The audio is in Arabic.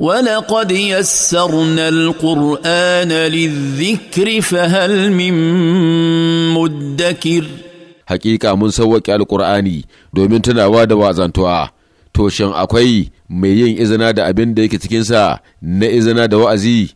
ولقد يسرنا القرآن للذكر فهل من مدكر حقيقة من سوك على القرآن دو من تنعوا دوا توشن أكوي ميين إزنا دا ديك تكنسا نا إزنا